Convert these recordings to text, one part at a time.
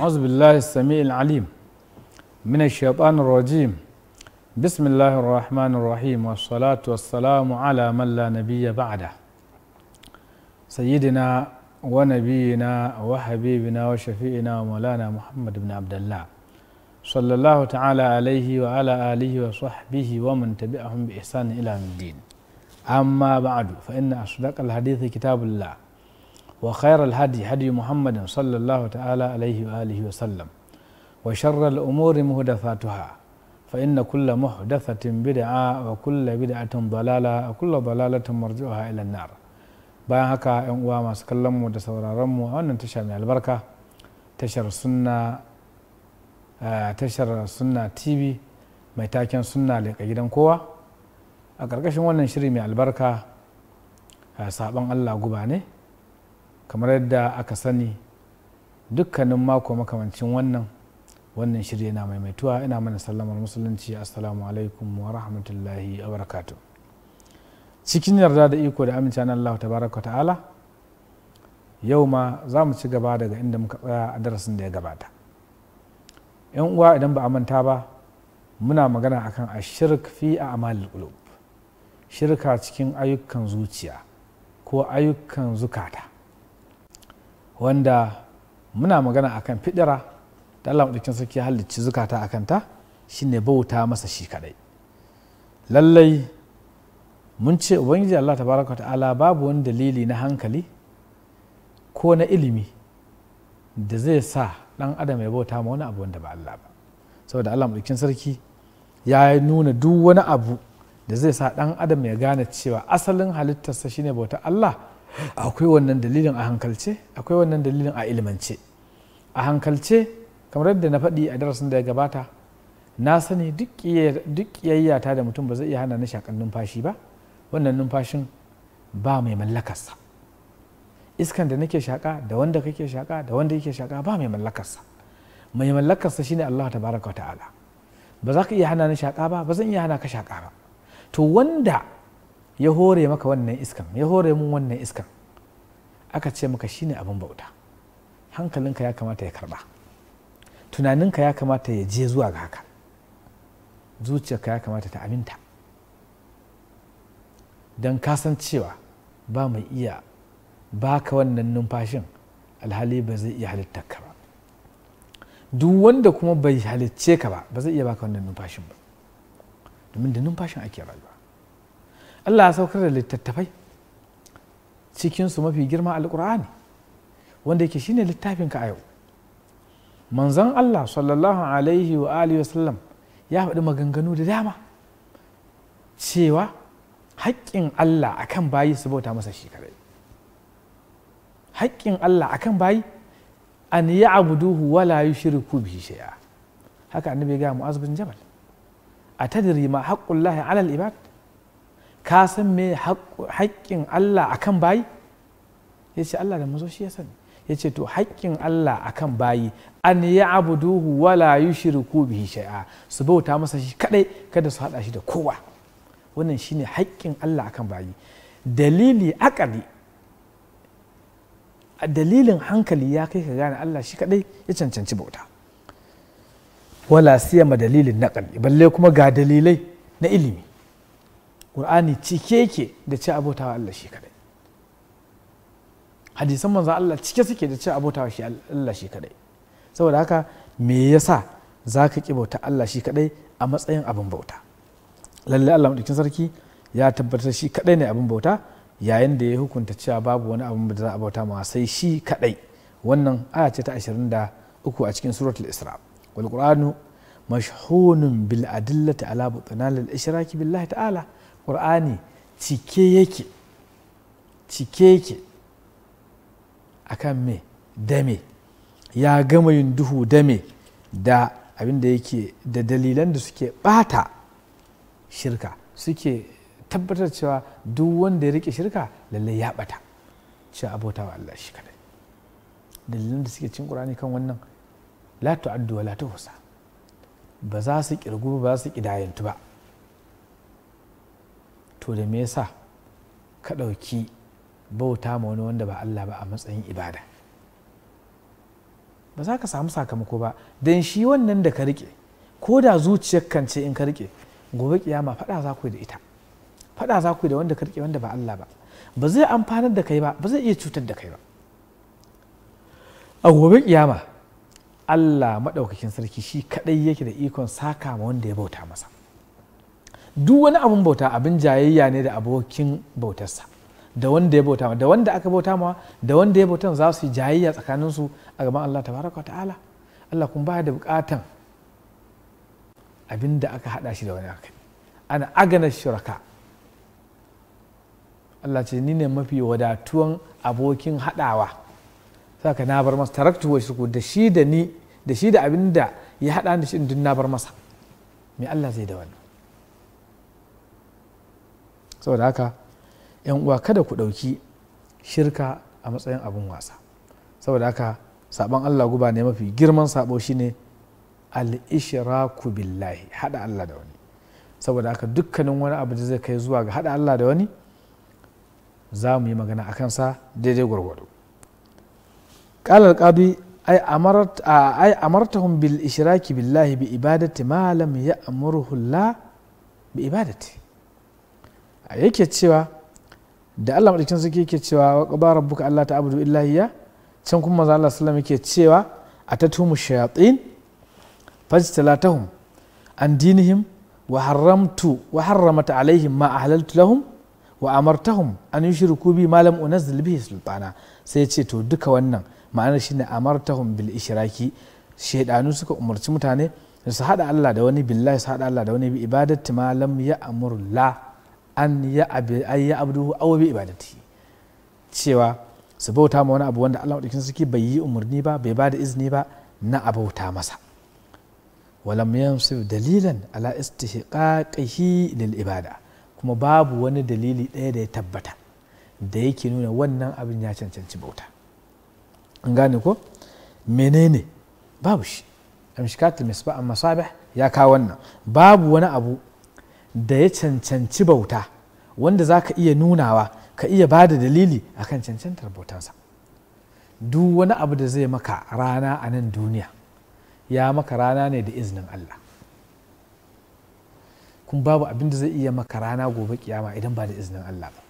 أعوذ بالله السميع العليم من الشيطان الرجيم بسم الله الرحمن الرحيم والصلاة والسلام على من لا نبي بعده سيدنا ونبينا وحبيبنا وشفينا ومولانا محمد بن عبد الله صلى الله تعالى عليه وعلى آله وصحبه ومن تبعهم بإحسان إلى الدين أما بعد فإن أصدق الحديث كتاب الله وخير الهدي هدي محمد صلى الله تعالى عليه وآله وسلم وشر الأمور مهدفاتها فإن كل محدثة بدعة وكل بدعة ضلالة وكل ضلالة مرجعها إلى النار bayan haka yan uwa masu kallon da sauraronmu mu a wannan tasha mai albarka tashar sunna tashar sunna tv mai taken sunna leƙa gidan kowa a ƙarƙashin wannan shiri mai albarka saɓon allah guba ne kamar yadda aka sani dukkanin mako makamancin wannan wannan shirya na maimaituwa ina mana sallamar musulunci assalamu alaikum wa rahmatullahi wa cikin yarda da iko da amince na Allah tabaraka ta'ala yau ma za mu ci gaba daga inda muka tsaya a darasin da ya gabata yan uwa idan ba a manta ba muna magana akan a shirk fi a amalil qulub shirka cikin ayyukan zuciya ko ayyukan zukata wanda muna magana a kan fidira da Allah maɗaukin sarki ya halicci zukata a kanta shine bauta masa shi kaɗai lallai mun ce ubangiji Allah Ta baraka ta'ala babu wani dalili na hankali ko na ilimi da zai sa ɗan adam ya bauta ma wani abu wanda ba Allah ba saboda Allah maɗaukin sarki ya nuna duk wani abu da zai sa ɗan adam ya gane cewa asalin halittarsa shine bauta Allah akwai wannan dalilin a hankalce akwai wannan dalilin a ilimance a hankalce kamar yadda na faɗi a darasin da ya gabata na sani duk ƙiyayyata da mutum ba zai iya hana na shakan numfashi ba wannan numfashin ba mai mallakarsa iskan da nake shaka da wanda kake shaka da wanda yake shaka ba mai mallakarsa mai mallakarsa shine Allah tabaraka wa ta'ala ba za ka iya hana ni shaka ba ba zan iya hana ka shaka ba to wanda ya hore maka wannan iskan ya hore mun wannan iskan aka ce maka shine abin bauta hankalinka ya kamata ya karba tunaninka ya kamata ya je zuwa ga haka zuciyarka ya kamata ta aminta don kasan cewa ba mai iya baka wannan numfashin alhali ba zai iya ka ba duk wanda kuma bai halicce ka ba ba zai iya baka wannan numfashin ba domin da numfashin ake rayuwa Allah ya saukar da littattafai cikinsu mafi girma alkur'ani wanda yake shine littafin ka a yau manzon Allah sallallahu alaihi wa alihi wa sallam ya faɗi maganganu da dama cewa haƙƙin Allah akan bayi su bauta masa shi kadai haƙƙin Allah akan bayi an ya abuduhu wala yushriku bihi shay'a haka annabi ga mu'az bin jabal atadri ma haqqullahi alal ibad ka san me haƙƙin Allah akan bayi ya ce Allah da mazo shi ya sani ya ce to haƙƙin Allah akan bayi an ya abuduhu wala yushriku bihi shay'a su bauta masa shi kadai kada su hada shi da kowa wannan shine haƙƙin Allah akan bayi dalili akali dalilin hankali ya kai ka gane Allah shi kadai ya cancanci bauta wala ma dalilin naqli balle kuma ga dalilai na ilimi ƙur'ani cike ke da ce abotawa Allah shi kadai hadisan manzan Allah cike suke da ce abotawa shi Allah shi kadai saboda haka me yasa za ka ƙi bauta Allah shi kadai a matsayin abin bauta lalle Allah maɗaukin sarki ya tabbatar shi kadai ne abin bauta yayin da ya hukunta cewa babu wani abin da za a bauta ma sai shi kadai wannan aya ce ta 23 a cikin suratul isra wal qur'anu mashhunun bil adillati ala butnal al ishraki billahi ta'ala ƙur'ani cike yake cike yake a kan me dame ya gama yin duhu dame da abinda yake da dalilan da suke bata shirka suke tabbatar cewa duk wanda ya rike shirka lallai ya bata cewa abota wa Allah shi kadai dalilan da suke cin ƙur'ani kan wannan la tu'addu wa la tuhsa ba za su kirgu ba za su kidayantu ba to da me yasa ka ɗauki bauta ma wani wanda ba Allah ba a matsayin ibada ba za ka samu sakamako ba don shi wannan da ka riƙe, ko da zuciyar kan ce in ka rike gobe kiyama faɗa za ku yi da ita faɗa za ku yi da wanda ka rike wanda ba Allah ba ba zai amfanar da kai ba ba zai iya cutar da kai ba a gobe kiyama Allah maɗaukakin sarki shi kaɗai yake da ikon saka ma wanda ya bauta masa duk wani abin bauta abin jayayya ne da abokin bautarsa da wanda ya bauta da wanda aka bauta ma da wanda ya bauta za su yi jayayya tsakaninsu a gaban Allah tabaraka wa ta'ala Allah kun baya da bukatan abin da aka hada shi da wani aka ana agana shuraka Allah ce ni ne mafi wadatuwan abokin hadawa saka na bar masa taraktu wa shirku da shi da ni da shi da abin da ya hada da shi din na bar masa me Allah zai da wani saboda haka yan uwa kada ku ɗauki shirka a matsayin abin wasa saboda haka sabon allah guba ne mafi girman sabo shine al-ishraku billahi hada allah da wani saboda haka dukkanin wani abu da zai kai zuwa ga hada allah da wani za mu yi magana a kansa daidai gwargwado ƙalar ƙabi ai amartahum bil ishiraki billahi bi ibadati ma lam amurhu la bi ibadati yake cewa da Allah madaukin sarki yake cewa wa qaba rabbuka alla ta'budu illa iyya can kuma manzo Allah sallallahu yake cewa a shayatin fajtalatahum an dinihim wa haramtu wa harramat alaihim ma ahlaltu lahum wa amartahum an yushriku bi ma lam unzil bihi sultana sai ce to duka wannan ma'anar shine amartahum bil ishraki shaidanu suka umarci mutane su hada Allah da wani billahi su hada Allah da wani bi ibadatu ma lam ya'mur an ya ayi abduhu aw bi ibadati cewa su bauta ma wani abu wanda Allah madaukakin suke bai yi umarni ba bai ba da izini ba na abauta masa walam yansib dalilan ala istihqaqihi lil ibada kuma babu wani dalili ɗaya da ya tabbata da yake nuna wannan abin ya cancanci bauta an gane ko menene babu shi amshikatul misbah masabih ya kawo wannan babu wani abu da ya cancanci bauta wanda za ka iya nunawa ka iya ba da dalili akan cancantar bautansa duk wani abu da zai maka rana a nan duniya ya maka rana ne da izinin Allah kun babu abin da zai iya maka rana gobe kiyama idan ba da izinin Allah ba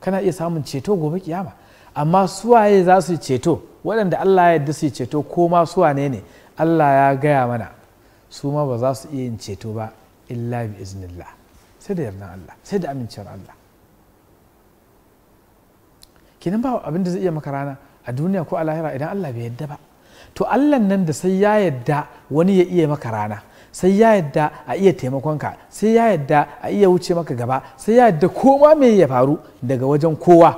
kana iya samun ceto gobe kiyama amma suwaye za su ceto waɗanda Allah ya yarda su yi ceto ko ma ne ne Allah ya gaya mana su ma ba za su iya yin ceto ba illa bi iznillah sai da yardan Allah sai da amincewar Allah kinan ba abin da zai iya maka rana a duniya ko a lahira idan Allah bai yadda ba to Allah nan da sai ya yadda wani ya iya maka rana sai ya yadda a iya taimakonka sai ya yadda a iya wuce maka gaba sai ya yadda kowa mai ya faru daga wajen kowa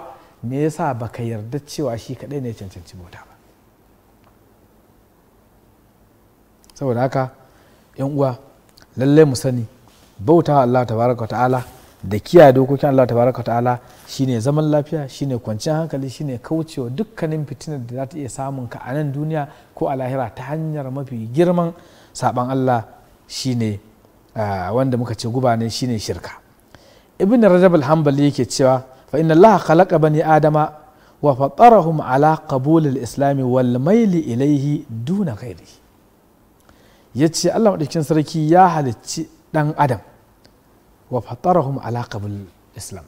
me yasa baka yarda cewa shi kadai ne cancanci bauta ba saboda haka yan uwa lallai mu sani bauta Allah tabaraka ta'ala da kiyaye dokokin Allah tabaraka ta'ala shine zaman lafiya shine kwanciyar hankali shine kaucewa dukkanin fitinar da za ta iya samun ka a nan duniya ko a lahira ta hanyar mafi girman saban Allah shine wanda muka ce guba ne shine shirka ibn rajab al-hanbali yake cewa fa inna Allah khalaqa bani adama wa fatarahum ala qabul al-islam wal maili ilayhi duna ghairihi ya ce allah maɗaukin sarki ya halicci ɗan adam wa fatarahum ala qabul islam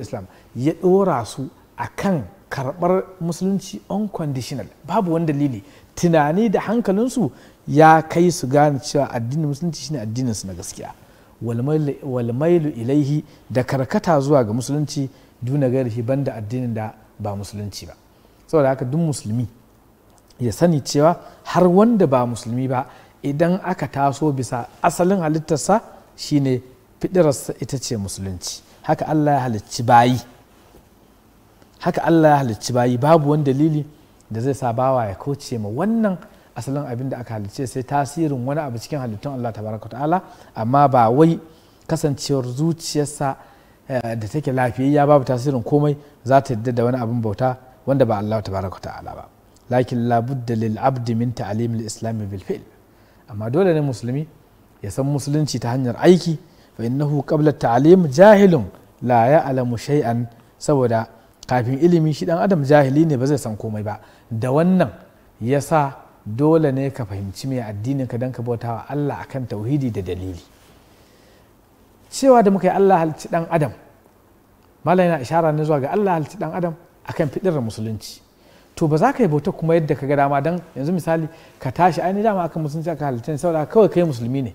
islam ya ɗora su a kan karɓar musulunci unconditional babu wani dalili tunani da hankalinsu ya kai su gane cewa addinin musulunci shine addinin su na gaskiya walmailu ilaihi da karkata zuwa ga musulunci duna ban banda addinin da ba musulunci ba saboda haka duk musulmi ya sani cewa har wanda ba musulmi ba idan aka taso bisa asalin halittarsa shine fidirarsa ita ce musulunci haka Allah ya halicci bayi haka Allah ya halicci bayi babu wani dalili da zai sa bawa ya kauce ma wannan asalin abin da aka halicce sai tasirin wani abu cikin halittun Allah tabaraka ta'ala amma ba wai kasancewar zuciyarsa eh, da take lafiyayya babu tasirin komai za ta yadda da wani abin bauta wanda ba Allah tabaraka ta'ala ba lakin labudda lil abdi min ta'limil islami bil fi'l amma dole ne musulmi ya san musulunci ta hanyar aiki fa innahu qabla ta'lim jahilun la ya'lamu shay'an saboda kafin ilimi shi dan adam jahili ne ba zai san komai ba da wannan yasa dole ne ka fahimci mai addinin ka dan ka bautawa Allah akan tauhidi da dalili cewa da muka yi Allah halci dan adam malai na ishara ne zuwa ga Allah halci dan adam akan fidar musulunci to ba za ka yi bauta kuma yadda ka ga dama don yanzu misali ka tashi ainihin dama aka musulunci aka halitta ne saboda kawai kai musulmi ne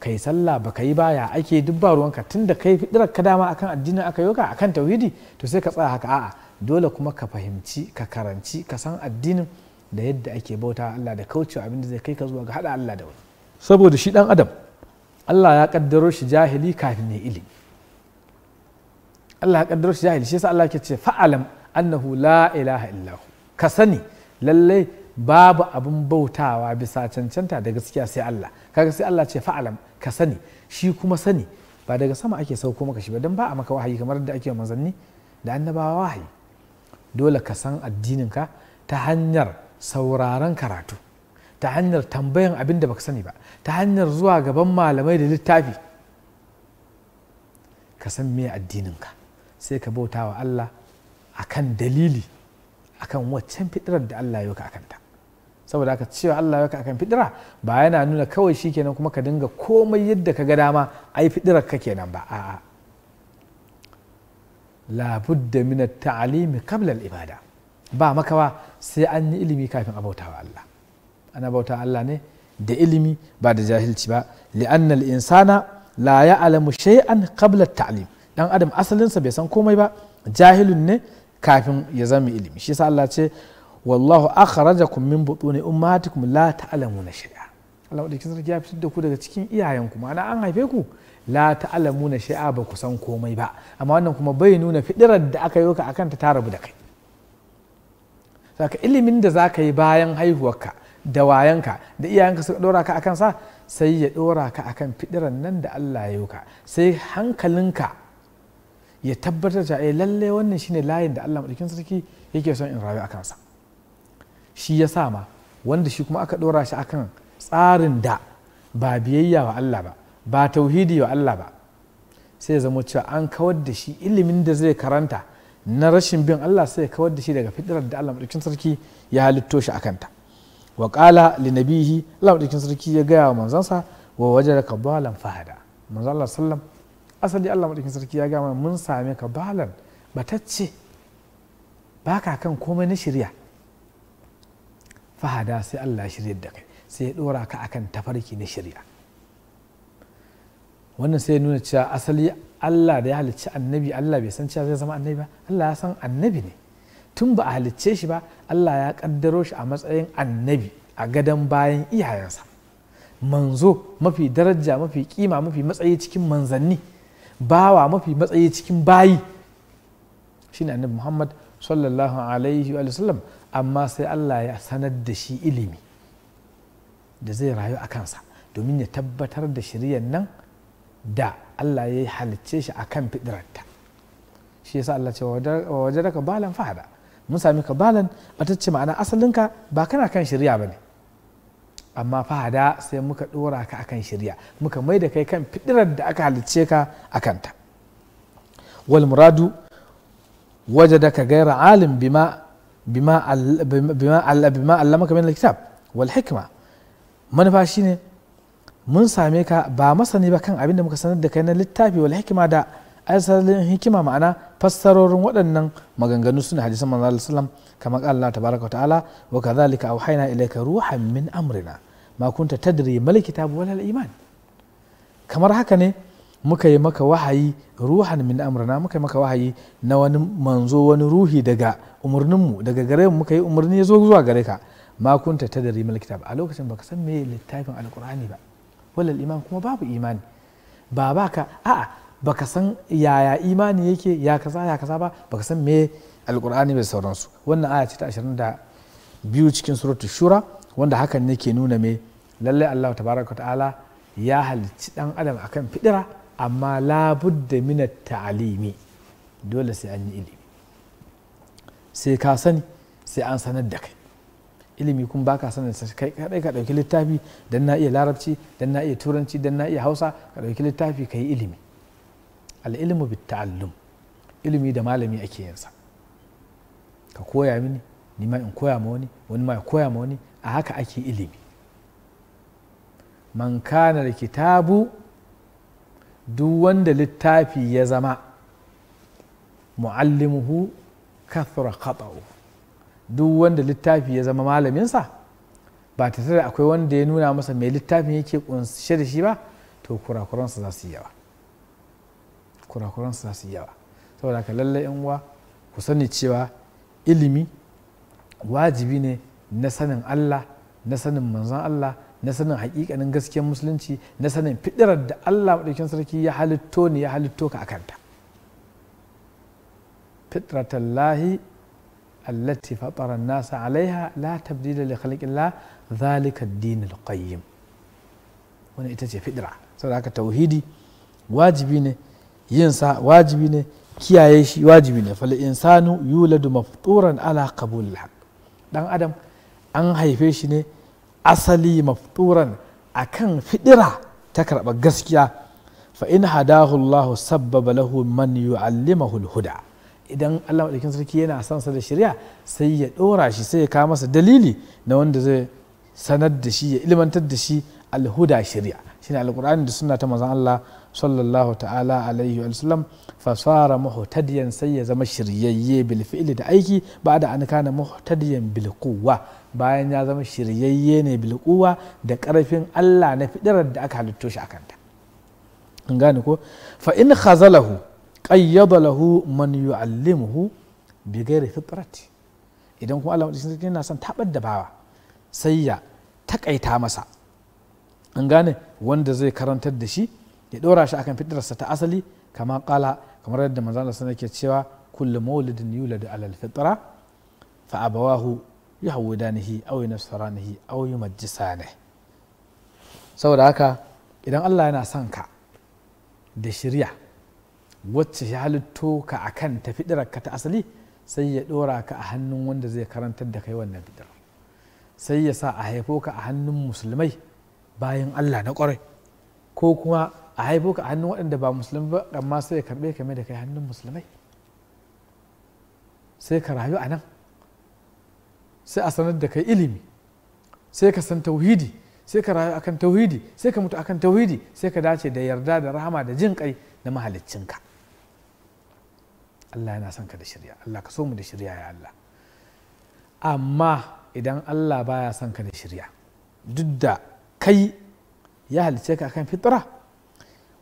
ka yi sallah ba ka yi baya ake duk ba ruwanka tunda kai fidirar ka dama akan addinin aka yoka akan tauhidi to sai ka tsaya haka a'a dole kuma ka fahimci ka karanci ka san addinin da yadda ake bauta Allah da kaucewa abin da zai kai ka zuwa ga hada Allah da wani saboda shi dan adam Allah ya kaddaro shi jahili kafin ya ilimi Allah ya kaddaro shi jahili shi yasa Allah ke ce fa'alam annahu la ilaha illahu ka sani lallai babu abin bautawa bisa cancanta da gaskiya sai Allah kaga sai Allah ce fa'alam ka sani shi kuma sani ba daga sama ake sauko maka shi ba don ba a maka wahayi kamar da ake manzanni da annabawa wahayi dole ka san addininka ta hanyar sauraron karatu ta hanyar tambayan abin da baka sani ba ta hanyar zuwa gaban malamai da littafi ka san me addininka sai ka bauta wa Allah akan dalili akan waccan fitirar da Allah ya yaka akanta saboda haka cewa Allah ya yaka akan fitira ba yana nuna kawai shikenan kuma ka dinga komai yadda ka ga dama ai fitirar ka kenan ba a'a labudda min at-ta'limi qabla al-ibada ba makawa sai an yi ilimi kafin abautawa Allah ana bauta Allah ne da ilimi ba da jahilci ba li'annal insana la ya'lamu shay'an qabla at-ta'lim dan adam asalinsa bai san komai ba jahilun ne kafin ya zama ilimi shi sa Allah ce wallahu akhrajakum min butuni ummatikum la ta'lamuna shay'a Allah kin sarki ya fitar da ku daga cikin iyayenku ma'ana an haife ku la ta'lamuna shay'a ba ku san komai ba amma wannan kuma bai nuna fidirar da aka yi ka akan ta rabu da kai saka ilimin da zaka yi bayan haihuwarka da wayanka da iyayenka suka dora ka akan sa sai ya dora ka akan fidiran nan da Allah ya yi ka sai hankalinka ya tabbatar cewa eh, lalle wannan shine layin da Allah madaukin sarki yake son in rayu a kansa shi ya sa ma wanda shi kuma aka ɗora shi akan tsarin da ba biyayya wa Allah ba ba tauhidi wa Allah ba sai zama cewa an kawar da shi ilimin da zai karanta na rashin bin Allah sai kawar da shi daga fitrar da Allah madaukin sarki ya halitto shi akanta wa qala li nabihi Allah madaukin sarki ya gaya wa manzansa wa wajadaka dhalan fahada manzo Allah sallallahu asali Allah maɗaukin sarki ya gama mun same ka balan batacce ka kan komai na shirya fahada sai Allah shirya da kai sai ya ɗora ka akan tafarki na shirya wannan sai ya nuna cewa asali Allah da ya halicci annabi Allah bai san cewa zai zama annabi ba Allah ya san annabi ne tun ba a halicce shi ba Allah ya kaddaro shi a matsayin annabi a gadon bayan iyayensa manzo mafi daraja mafi kima mafi matsayi cikin manzanni bawa mafi matsayi cikin bayi shine annabi muhammad sallallahu alaihi wa sallam amma sai allah ya sanar da shi ilimi da zai rayu a kansa domin ya tabbatar da shiryan nan da allah ya halicce shi a kan fidirarta shi yasa allah ce wajen ka balan fahada mun sami ka balan batacce ma'ana asalinka ba kana kan shirya ba ne أما فهذا سيمك دورا كأكان شريعة مك ما يدك أكان بدر الدك على تشيكا أكانتا والمراد وجدك غير عالم بما بما بما بما علمك من الكتاب والحكمة من فاشيني من ساميكا با مسني بكان أبين مك سند دكان للتابي والحكمة ده asalin hikima ma'ana fassarorin waɗannan maganganu suna hadisan manzo Allah sallam kamar Allah tabaraka ta'ala wa kadhalika auhayna ilayka ruhan min amrina ma kunta tadri mal kitabu wal iman kamar haka ne muka yi maka wahayi ruhan min amrina muka yi maka wahayi na wani manzo wani ruhi daga umarninmu daga gare mu muka yi umarni ya zo zuwa gare ka ma kunta tadri mal kitab a lokacin baka san me littafin alqur'ani ba wal iman kuma babu imani ba baka a'a baka san yaya imani yake ya kaza ya kaza ba baka san me alkur'ani bai sauransu wannan aya ce ta biyu cikin suratul shura wanda hakan ne ke nuna me lallai Allah tabaraka ta'ala ya halicci dan adam akan fidira amma labudda min ta'alimi dole sai an yi ilimi sai ka sani sai an sanar da kai ilimi kun baka sanin da kai kadai ka dauki littafi dan na iya larabci dan na iya turanci dan na iya hausa ka dauki littafi ka yi ilimi al'ilmu bit ta'allum ilimi da malami ake yinsa ka koya mini ni ma in koya ma wani wani ma ya koya ma wani a haka ake ilimi man kana da kitabu duk wanda littafi ya zama mu'allimuhu kathra khata'u duk wanda littafi ya zama malaminsa ba tare akwai wanda ya nuna masa mai littafin yake kunshe da shi ba to kurakuransa za su yi yawa kurakuransu za su yawa saboda haka lallai yan uwa ku sani cewa ilimi wajibi ne na sanin Allah na sanin manzon Allah na sanin hakikanin gaskiyar musulunci na sanin fidirar da Allah maɗaukin sarki ya halitto ne ya halitto ka akanta fitratallahi allati fatara nasa alaiha la tabdila li khalqillah zalika ad-din al-qayyim wannan ita ce fidira saboda haka tauhidi wajibi ne yinsa wajibi ne kiyaye shi wajibi ne fal insanu yuladu mafturan ala qabul haq dan adam an haife shi ne asali mafturan akan fidira ta karba gaskiya fa in hadahu Allah sabbaba lahu man yu'allimahu al idan Allah madaukin sarki yana son sa da shari'a sai ya dora shi sai ya kawo masa dalili na wanda zai sanar da shi ya ilmantar da shi alhuda shari'a shine alqur'ani da sunna ta manzon Allah sallallahu ta'ala alaihi wa sallam fasara muhtadiyan sai ya zama shiryayye bil fi'li da aiki ba da an kana muhtadiyan bil quwwa bayan ya zama shiryayye ne bil quwwa da karfin Allah na fidirar da aka halitto shi akan ta gane ko fa in khazalahu qayyada lahu man yu'allimuhu bi ghairi fitrati idan kuma Allah madaukakin yana son tabar da bawa sai ya takaita masa an gane wanda zai karantar da shi ya dora shi akan fitrarsa ta asali kamar kala kamar yadda manzo Allah sallallahu cewa kullu mawlidin yuladu ala alfitra fa abawahu yahwudanihi aw yunasaranihi aw yumajjisanihi saboda haka idan Allah yana son ka da shirya wacce ya halitto ka akan ta fitrarka ta asali sai ya dora ka a hannun wanda zai karantar da kai wannan fitrar sai ya sa a haifo ka a hannun musulmai bayan Allah na kwarai ko kuma a haifo ka hannun waɗanda ba musulmi ba amma sai ya karɓe ka mai da kai hannun musulmai sai ka rayu a nan sai a sanar da kai ilimi sai ka san tauhidi sai ka rayu akan tauhidi sai ka mutu akan tauhidi sai ka dace da yarda da rahama da jin kai na mahaliccinka Allah yana son ka da shirya Allah ka so mu da shirya ya Allah amma idan Allah baya son ka da shirya duk da kai ya halice ka akan fitra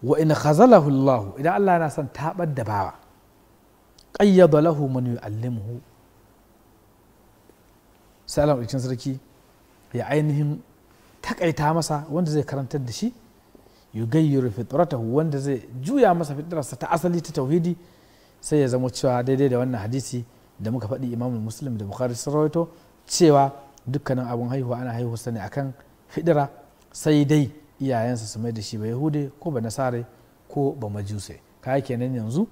wa ina khazalahu Allah idan Allah yana son tabar da bawa qayyada lahu man yu'allimuhu sai ikin sarki ya ainihin takaita masa wanda zai karantar da shi yugayyiru fitratahu wanda zai juya masa fitrarsa ta asali ta tauhidi sai ya zama cewa daidai da wannan hadisi da muka faɗi imamu muslim da bukhari sun cewa dukkanin abun haihuwa ana haihuwa sani akan fidira sai dai iyayensa su mai da shi ba yahude ko ba nasare ko ba majuse ka kenan yanzu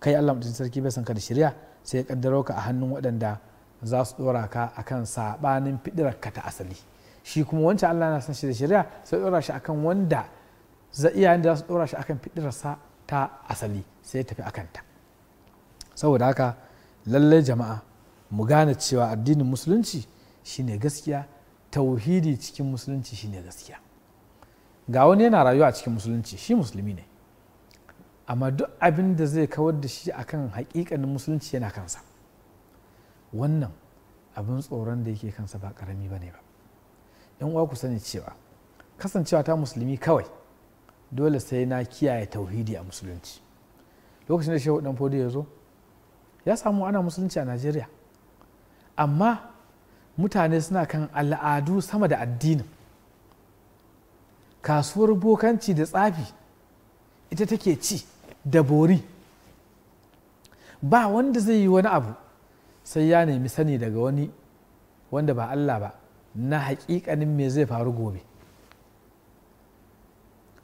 kai allah mutum sarki bai san ka da shirya sai ya kaddaro ka a hannun waɗanda za su ɗora ka akan saɓanin fidirar ka ta asali shi kuma wancan allah na san shi da shirya sai ɗora shi akan wanda za iyayen da za su ɗora shi akan sa ta asali sai ya tafi akan ta saboda haka lallai jama'a mu gane cewa addinin musulunci shine gaskiya tauhidi cikin musulunci shine gaskiya ga wani yana rayuwa a cikin musulunci shi musulmi ne amma duk abin da zai kawar da shi akan hakikanin musulunci yana kansa wannan abin tsoron da yake kansa ba karami ba ne ba yan uwa ku sani cewa kasancewa ta musulmi kawai dole sai na kiyaye tauhidi a musulunci lokacin da shehu dan fodi ya zo ya samu ana musulunci a najeriya amma mutane suna kan al'adu sama da addinin kasuwar bokanci da tsafi ita take ci da bori ba wanda zai yi wani abu sai ya nemi sani daga wani wanda ba Allah ba na haƙiƙanin me zai faru gobe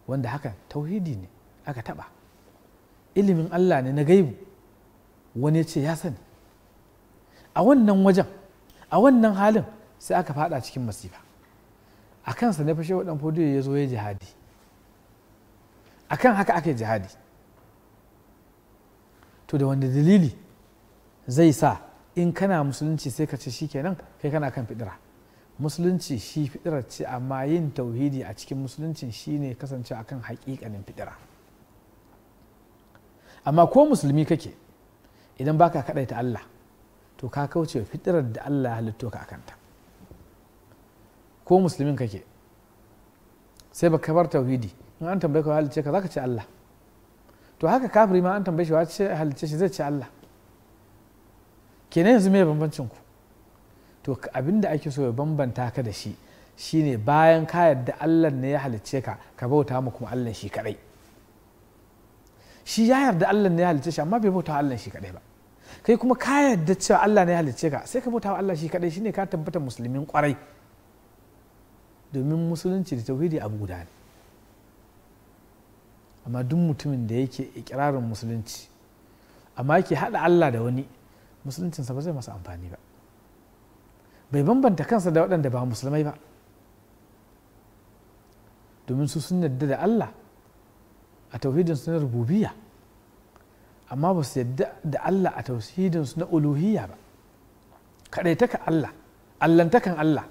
wanda hakan tauhidi ne aka taɓa ilimin Allah ne na gaibu wani ya ce ya sani a wannan wajen a wannan halin sai aka fada cikin masifa a kansa na fashe waɗan fodiyo ya zo ya jihadi a kan haka aka jihadi to da wanda dalili zai sa in kana musulunci sai ka ce shi kenan kai kana kan fidira musulunci shi fidira ce amma yin tauhidi a cikin musulunci shi ne kasance akan haƙiƙanin fidira amma ko musulmi kake idan baka ta Allah to ka kauce fidirar da Allah ya halitto ka akanta ko musulmin kake sai baka bar tauhidi in an tambaye ka halice ka ka ce Allah to haka kafiri ma an tambaye shi wace halice shi zai ce Allah kenan yanzu me bambancin ku to abin da ake so ya bambanta ka da shi shine bayan ka yadda Allah ne ya halicce ka ka bauta mu kuma Allah shi kadai shi ya yarda Allah ne ya halicce shi amma bai bauta Allah shi kadai ba kai kuma ka yarda cewa Allah ne ya halicce ka sai ka bauta Allah shi kadai shine ka tabbata musulmin kwarai domin musulunci da tauhidi abu guda ne amma duk mutumin da yake ikirarin musulunci amma yake haɗa allah da wani musuluncinsa ba zai masa amfani ba bai bambanta kansa da waɗanda ba musulmai ba domin su sun yarda da allah a tauhidin su na rububiya amma ba su yarda da allah a tauhidin su na uluhiyya ba kaɗaitaka allah allantakan allah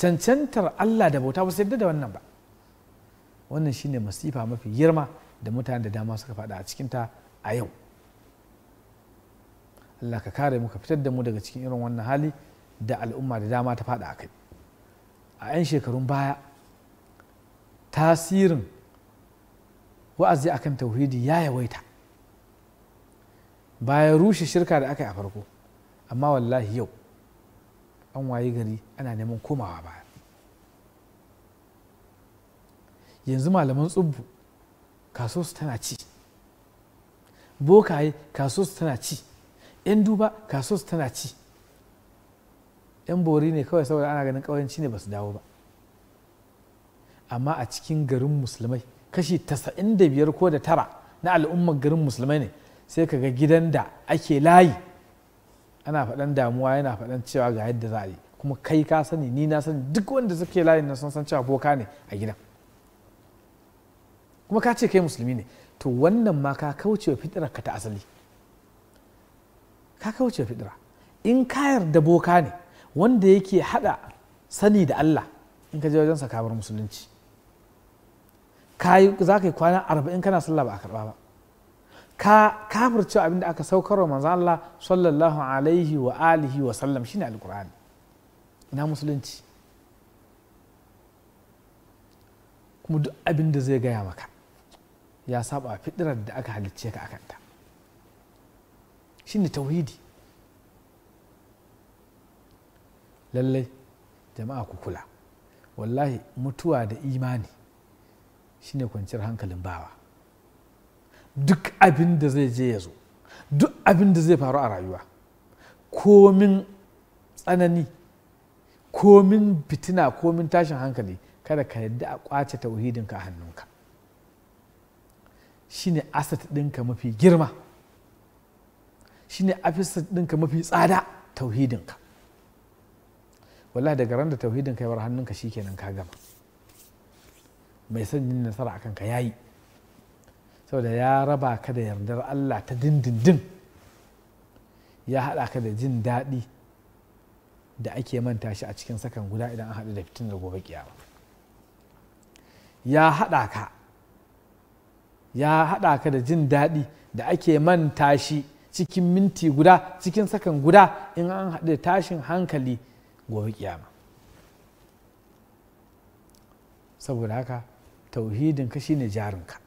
cancantar Allah da bauta ba su yarda da wannan ba wannan shine masifa mafi girma da mutane da dama suka faɗa a cikin ta a yau Allah ka kare mu ka fitar da mu daga cikin irin wannan hali da al'umma da dama ta faɗa a kai a 'yan shekarun baya tasirin wa'azi akan tauhidi ya yawaita bayan rushe shirka da aka yi a farko amma wallahi yau an waye gari ana neman komawa baya yanzu malaman tsubbu kaso tana ci bokaye kaso tana ci 'yan duba kaso tana ci 'yan bori ne kawai saboda ana ganin kawanci ne ba su dawo ba amma a cikin garin musulmai kashi 95 ko da tara na al'ummar garin musulmai ne sai ka ga gidan da ake layi ana faɗan damuwa yana faɗan cewa ga yadda za a yi kuma kai ka sani ni na sani duk wanda suke layin nan sun san cewa boka ne a gida kuma ka ce kai musulmi ne to wannan ma ka kauce wa fitira ka ta asali ka kauce wa fitira in ka yarda boka ne wanda yake hada sani da Allah in ka je wajen sa sakabar musulunci za ka yi kwana arba'in kana sallah ba a karba ba ka kafirce abin da aka saukar wa manzan Allah sallallahu alaihi wa alihi wa sallam shine alkur'ani ina musulunci kuma duk abin da zai gaya maka ya saba fidirar da aka halicce ka akanta shine tauhidi lallai jama'a ku kula wallahi mutuwa da imani shine kwanciyar hankalin bawa duk abin da zai je ya zo duk abin da zai faru a rayuwa komin tsanani komin fitina komin tashin hankali kada ka yadda a kwace tauhidinka a hannunka shine asat ɗinka mafi girma shine afisat ɗinka mafi tsada tauhidinka wallahi daga ran da tauhidinka ya bar hannunka kenan ka gama mai son nasara akan ka yayi saboda ya raba ka da yardar Allah ta dindindin ya haɗa ka da jin daɗi da ake manta shi a cikin sakan guda idan an haɗu da fitin da gobe kiyama ya haɗa ka ya haɗa ka da jin daɗi da ake manta shi cikin minti guda cikin sakan guda in an haɗu da tashin hankali gobe kiyama saboda haka tauhidin ka shine jarinka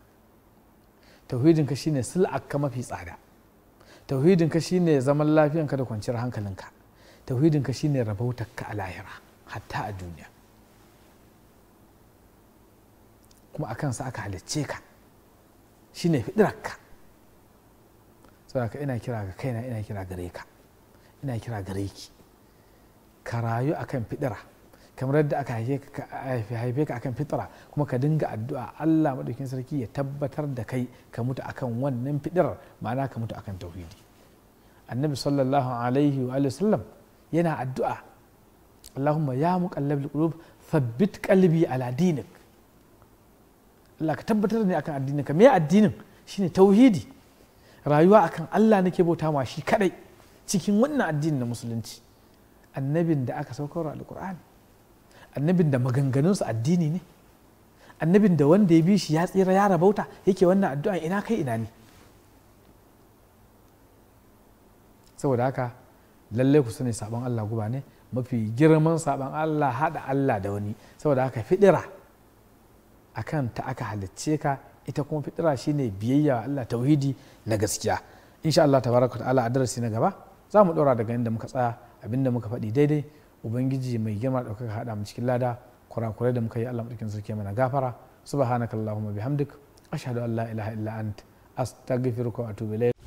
Tauhidin ka shine ka mafi tsada Tauhidin ka shine zaman lafiyan ka da kwanciyar hankalinka tauhidinka shine rabautarka a lahira hatta a duniya kuma a kansa aka halicce ka shine fidirarka saboda ina kira ga kaina ina kira gare ka ina kira gare ki ka rayu akan fidira kamar yadda aka haife ka akan fitra kuma ka dinga addu'a Allah madaukin sarki ya tabbatar da kai ka mutu akan wannan fidrar ma'ana ka mutu akan tauhidi annabi sallallahu alaihi wa sallam yana addu'a Allahumma ya muqallib alqulub thabbit qalbi ala dinik Allah ka tabbatar ne akan addinin ka me addinin shine tauhidi rayuwa akan Allah nake bauta ma shi kadai cikin wannan addinin na musulunci annabin da aka saukar alqur'ani annabin da maganganunsu addini ne annabin da wanda ya bi shi ya tsira ya rabauta yake wannan addu'a ina kai ina ne saboda haka lallai ku sani sabon Allah guba ne mafi girman sabon Allah hada Allah da wani saboda haka fidira akan ta aka halicce ka ita kuma fidira shine biyayya wa Allah tauhidi na gaskiya insha Allah tabaraka ta'ala a darasi na gaba za mu daura daga inda muka tsaya abinda muka faɗi daidai ubangiji mai girma kuka haɗa mu cikin lada kurakurai da muka yi allah maɗaukin sarki mana gafara subhanakallahumma bihamdik ashhadu an la ilaha illa ant astaghfiruka wa atubu ilayk